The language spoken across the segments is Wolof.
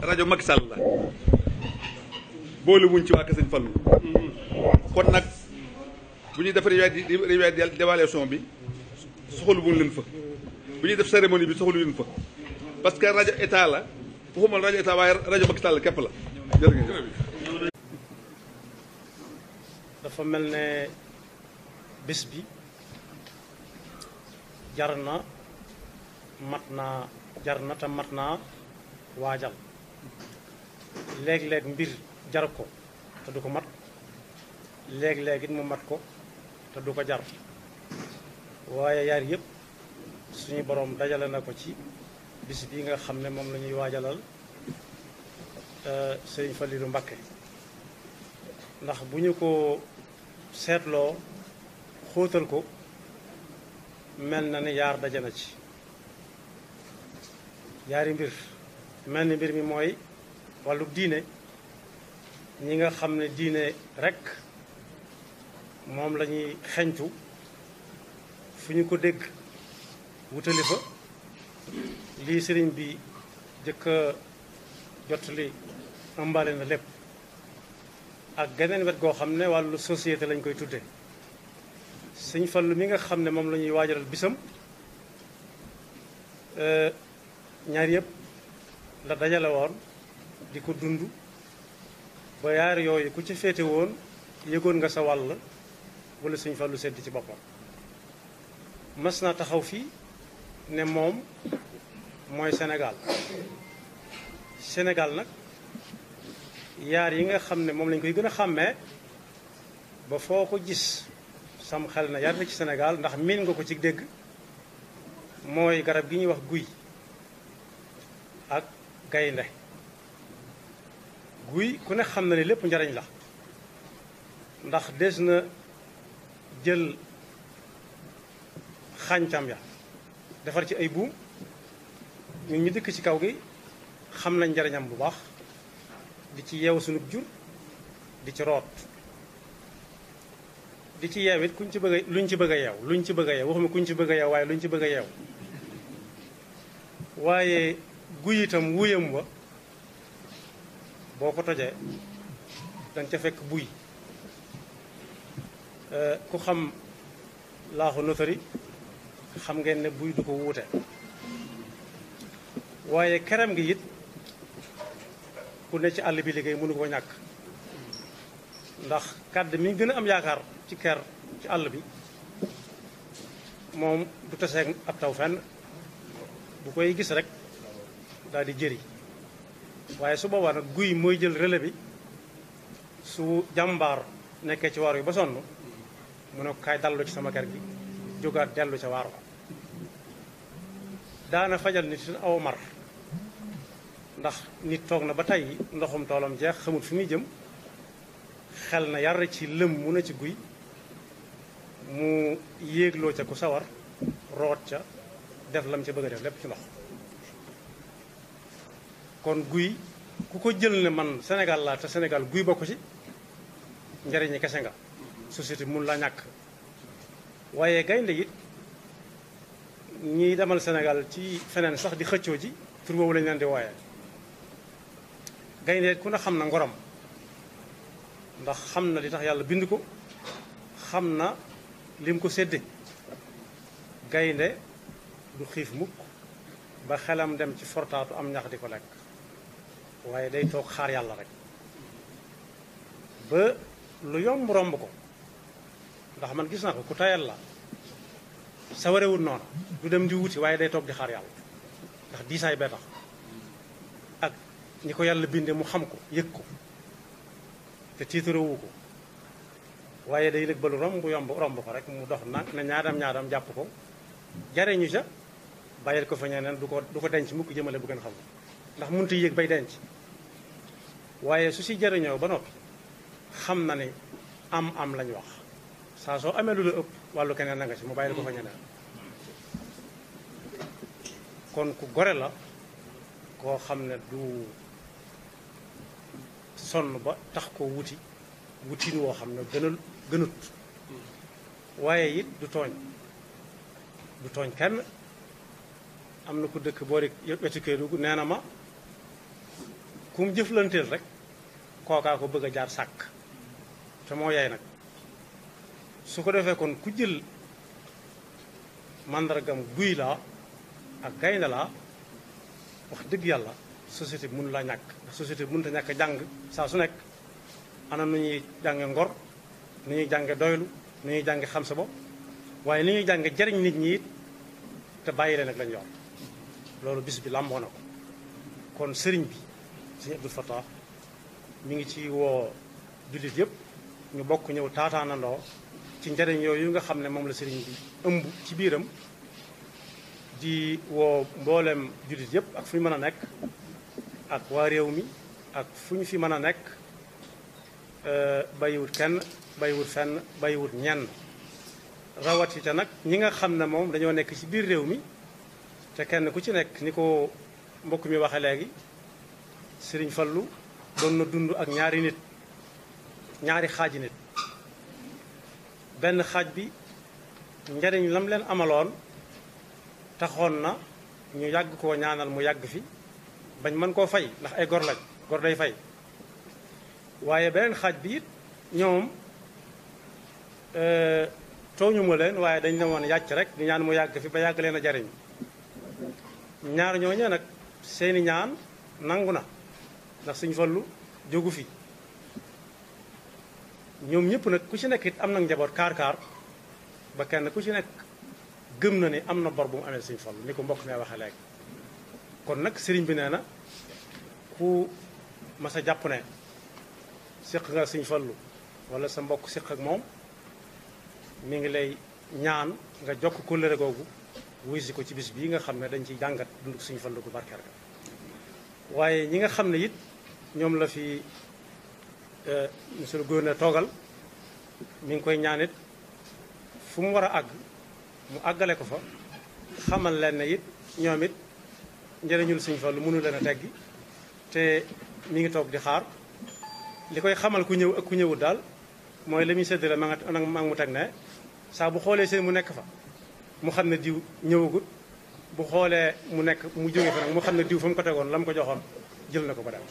rajo Macky Sall la boole wuñ ci waa Kër Sëñ Fallou kon nag bu ñuy def réunion d'évaluation bi soxalu wuñ leen fa bu ñuy def cérémonie bi soxalu leen fa parce que rajo état la waxuma rajo état waaye rajo Macky Sall képp la jërëjëf. dafa mel ne bis bi jar na mat naa jar na te mat naa waajal. léeg-léeg mbir jar ko te du ko mat léeg-léeg mu mat ko te du ko jar waaye yaar yëpp suñu boroom dajale na ko ci bis bi nga xam ne moom la ñuy waajalal euh, Sëriñ Faliilu Mbàkke ndax bu ñu ko seetloo xóotal ko mel na ne yaar daje na ci yaari mbir mel ni mbir mi mooy wàllu diine ñi nga xam ne diine rek moom lañuy ñuy xeñtu fu ñu ko dégg wutali fa lii sëriñ bi jëkk a jotali ëmbaale na lépp ak geneen wet goo xam ne wàllu societé lañ koy tudde sëñ Fallu mi nga xam ne moom la ñuy waajaral bisam eh, ñaar yëpp la dajale woon di ko dund ba yaar yooyu ku ci féete woon yëgoon nga sa wàll wala suñ fa lu sedd ci boppam mas na taxaw fii ne moom mooy Sénégal Sénégal nag yaar yi nga xam ne moom lañ koy gën a xàmmee ba foo ko gis sam xel na yar na ci Sénégal ndax miin nga ko ci dégg mooy garab gi ñuy wax guy ak gaynde guy ku ne xam na ne lépp njariñ la ndax des na jël xàncam ya defar ci ay buum ñun ñu dëkk ci kaw gi xam nañ njariñam bu baax di ci yeew sunub jur di ci root di ci yeew it kuñ ci bëgg a luñ ci bëgg a yeew luñ ci bëgg a yeew waxuma kuñ ci bëgg a yeew waaye luñ ci bëgg a yeew waaye guy itam wuyam wa boo ko tojee dañ ca fekk buy eh, ku xam laaxu notari xam ngeen ne buy du ko wuute waaye kerem ngi it ku ne ci àll bi liggéey mënu ko ñàkk ndax kàdd mi gën a am yaakaar ci ker ci àll bi moom du taseeg ab taw fenn bu koy gis rek daal di jëri waaye su boobaa nag guy mooy jël relais bi su jàmbaar nekkee ci waar wi ba sonn mu ne ko kaay dallu ci sama kër gi jógaat dellu ca waar wa daana fajal nit suñ aw mar ndax nit toog na ba tey ndoxum toolam jeex xamut fi muy jëm xel na yar ci lëm mu ne ci guy mu yéegloo ca ku sawar root ca def lam ca bëgg a def lépp ci ndox kon guy ku ko jël ne man Sénégal laa te Sénégal guy bokk ci njariñi kese nga société mun la ñàkk waaye gaynde it ñiy demal Sénégal ci feneen sax di xëccoo ji tur boobu lañ lan di waaye gaynde it ku ne xam na ngorom ndax xam na li tax yàlla bind ko xam na lim ko sédde gaynde du xiif mukk ba xelam dem ci fortaatu am ñax di ko lekk waaye day toog xaar yàlla rek ba lu yomb romb ko ndax man gis naa ko ku tayal la sa warewul noonu du dem di wuti waaye day toog di xaar yàlla ndax diisaay bee tax ak ñi ko yàlla binde mu xam ko yëg ko te tiitarewu ko waaye day lëg ba lu romb yomb romb ko rek mu dox nag na ñaadam ñaadam jàpp ko jareñu sa bàyyil ko fa neen du ko du ko denc mukk jëmale bu gën xam ndax mënut a yëg bay denc waaye su si jëriñoo ba noppi xam na ni am am lañ wax saa soo amee lu la ëpp wàllu keneen na nga si mu bàyyi la ko fa ñeneen kon ku gore la koo xam ne du sonn ba tax ko wuti wutin woo xam ne gënal gënut waaye it du tooñ du tooñ kenn am na ku dëkk boori wetu Kédougou nee na ma ku mu jëflanteel rek kookaa ko bëgg a jaar sàkk te moo yaay nag su ko defee kon ku jël màndargam guy laa ak gaynde laa wax dëgg yàlla société bi mënu laa ñàkk ndax société bi mënut a ñàkk jàng saa su nekk anam na ñuy jànge ngor nu ñuy jànge doylu ni ñuy jànge xam sa bopp waaye ni ñuy jànge jariñ nit ñi it te bàyyi leen ak lañ yor loolu bis bi làmboo ko kon sëriñ bi Sëñ Abdou Fatah mi ngi ci woo jullit yëpp ñu bokk ñëw taataanandoo ci njariñ yooyu nga xam ne moom la sëriñ bi ëmb ci biiram di woo mbooleem jullit yëpp ak fu ñu mën a nekk ak waa réew mi ak fu ñu fi mën a nekk euh, bàyyiwut kenn bàyyiwut fenn bàyyiwut ñenn rawatina nag ñi nga xam ne moom dañoo nekk ci biir réew mi te kenn ku ci nekk ni ko mbokk mi waxe léegi Sëriñ Fallu doon na dund ak ñaari nit ñaari xaaji nit benn xaaj bi njariñ lam leen amaloon taxoon na ñu yàgg koo ñaanal mu yàgg fi bañ mën koo fay ndax ay gor lañ gor day fay waaye beneen xaaj bi it ñoom euh, tooñu ma leen waaye dañ ne woon yàcc rek di ñaan mu yàgg fi ba yàgg leen a jariñ ñaar ñooñee nag seeni ñaan nangu na ndax suñ fallu jógu fi ñoom ñëpp nag ku ci nekk it am na njaboot kaar-kaar ba kenn ku ci nekk gëm na ni am na bor bu mu amee suñ fallu ni ko mbokk mee waxee léegi kon nag sëriñ bi nee na ku mas a jàpp ne séq nga suñ fallu wala sa mbokk séq ak moom mu ngi lay ñaan nga jokk kóllëre googu wuy si ko ci bis bii nga xam ne dañ ciy jàngat dund suñu fallu gu barkeel ga waaye ñi nga xam ne it ñoom la fi euh, monsieur le na toogal mi ngi koy ñaanit fu mu war a àgg mu àggale ko fa xamal leen ne it ñoom it njëriñul Sëñ Fallu mënu leen a teggi te mi ngi toog di xaar li koy xamal ku ñëw ak ku ñëwul daal mooy la muy séddale ma nga nag mu teg ne saa bu xoolee seen mu nekk fa mu xam ne diw ñëwagut bu xoolee mu nekk mu jógee fa nag mu xam ne diw fa mu ko tegoon la mu ko joxoon jël ne ko ba dem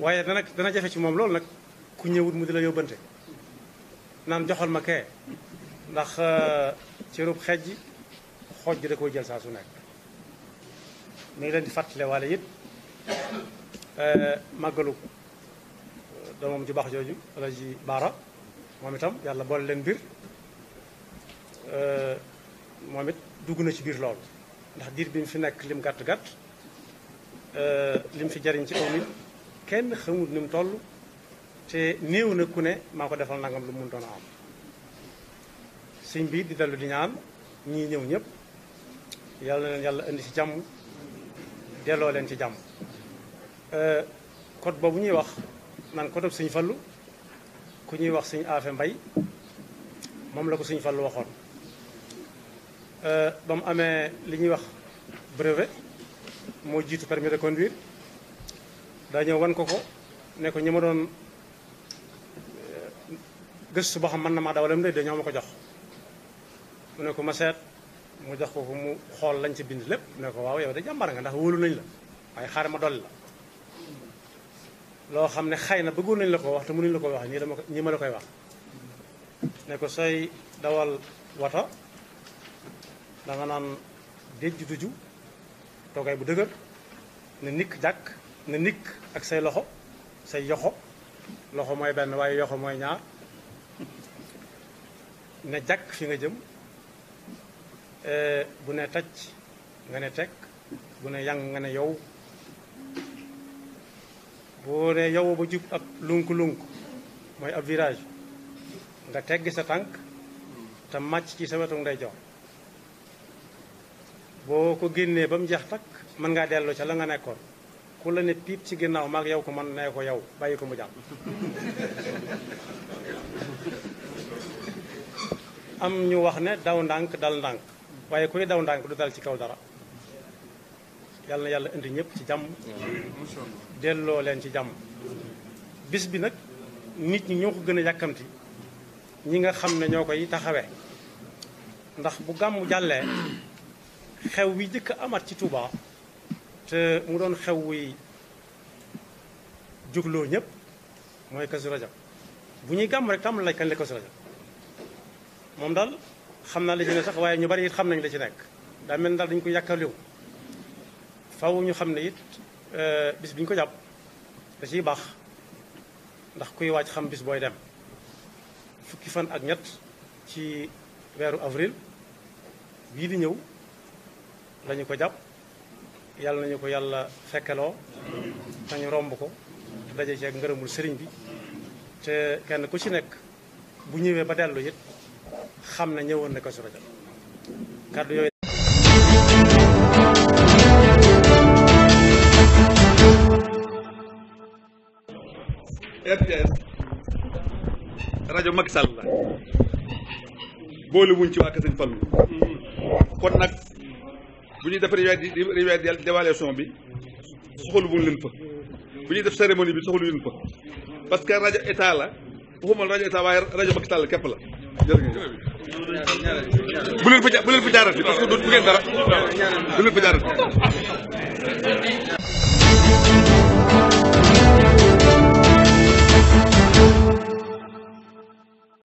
waaye dana dana jafe ci moom loolu nag ku ñëwut mu di la yóbbante naan joxal ma kee ndax euh, cërub xej ji xooj ji da koy jël saa su nekk mu ngi leen di fàttale waale it euh, màggalu euh, doomam ju baax jooju wala ji baara moom itam yàlla boole leen mbir moom it dugg na ci biir lool ndax diir bi mu fi nekk lim gàtt gàtt lim fi jariñ ci aw kenn xamut ni mu toll te néew na ku ne maa ko defal nangam lu mun doon am sëñ bi di dellu di ñaan ñii ñëw ñëpp yàlla leen yàlla indi si jàmm delloo leen ci jàmm euh, code boobu ñuy wax nan code sëñ fallu ku ñuy wax sëñ aafe mbay moom la ko sëñ fallu waxoon euh, ba mu amee li ñuy wax brevet moo jiitu permis de conduire daa wan ko ko ne ko ñi ma doon eh, gëstu ba xam mën na maa dawal am déet dañoo ma ko jox mu ne ko ma seet mu jox ko ko mu xool lañ ci bind lépp ne ko waaw yow de jàmbaar nga ndax wóolu nañ la waaye xaar ma dolli la loo xam ne xëy na bëggoon nañ la ko wax te mënuñ la ko wax ñii dama ko ñii ma koy wax ne ko sooy dawal wata da naan déjj duju toogaay bu dëgër ne nikk jàkk ne nikk ak say loxo say yoxo loxo mooy benn waaye yoxo mooy ñaar ne jàkk fi nga jëm eh, bu ne tacc nga ne tekk bu ne yang nga ne yow boo ne yow ba jub ab lunk-lunk mooy ab virage nga teggi sa tànk te màcc ci sa wetu nday jox boo ko génnee ba mu jeex takk mën ngaa delloo ca la nga nekkoon ku la ne piip ci ginnaaw maag yow ko man nee ko yow bàyyi ko mu jàll am ñu wax ne daw ndànk dal ndànk waaye kuy daw ndànk du dal ci kaw dara yàlla na yàlla indi ñëpp ci jàmm delloo leen ci jàmm bis bi nag nit ñi ñoo ko gën a yàkkamti ñi nga xam ne ñoo koy taxawe ndax bu gàmmu jàllee xew wi jëkk amat ci Touba te mu doon xew wuy jugloo ñëpp mooy Kazu Rajab bu ñuy gàmm rek tam laaj kañ la Kazu Rajab moom daal xam naa la sax waaye ñu bari it xam nañ la ci nekk daa mel daal dañ ko yàkkaliw faw ñu xam ne it euh, bis biñ ko jàpp da ciy baax ndax kuy waaj xam bis booy dem fukki fan ak ñett ci weeru avril bii di ñëw lañu ko jàpp yàlla nañu ko yàlla fekkeloo nañu romb ko daje ci ak ngërëmul sëriñ bi te kenn ku ci nekk bu ñëwee ba dellu it xam ne ñëwoon na ko si rajo kàddu yooyu RTS rajo Macky Sall la boole wuñ ci waa Sëriñ Fallu kon nag bu ñuy def réveil d'évaluation bi soxla wuñ leen fa bu ñuy def cérémonie bi soxla leen fa parce que rajo état la waxuma rajo état waaye rajo Macky Sall képp la jërëjëf bu leen fa bu leen fa jaarati parce que du ngeen dara bu leen fa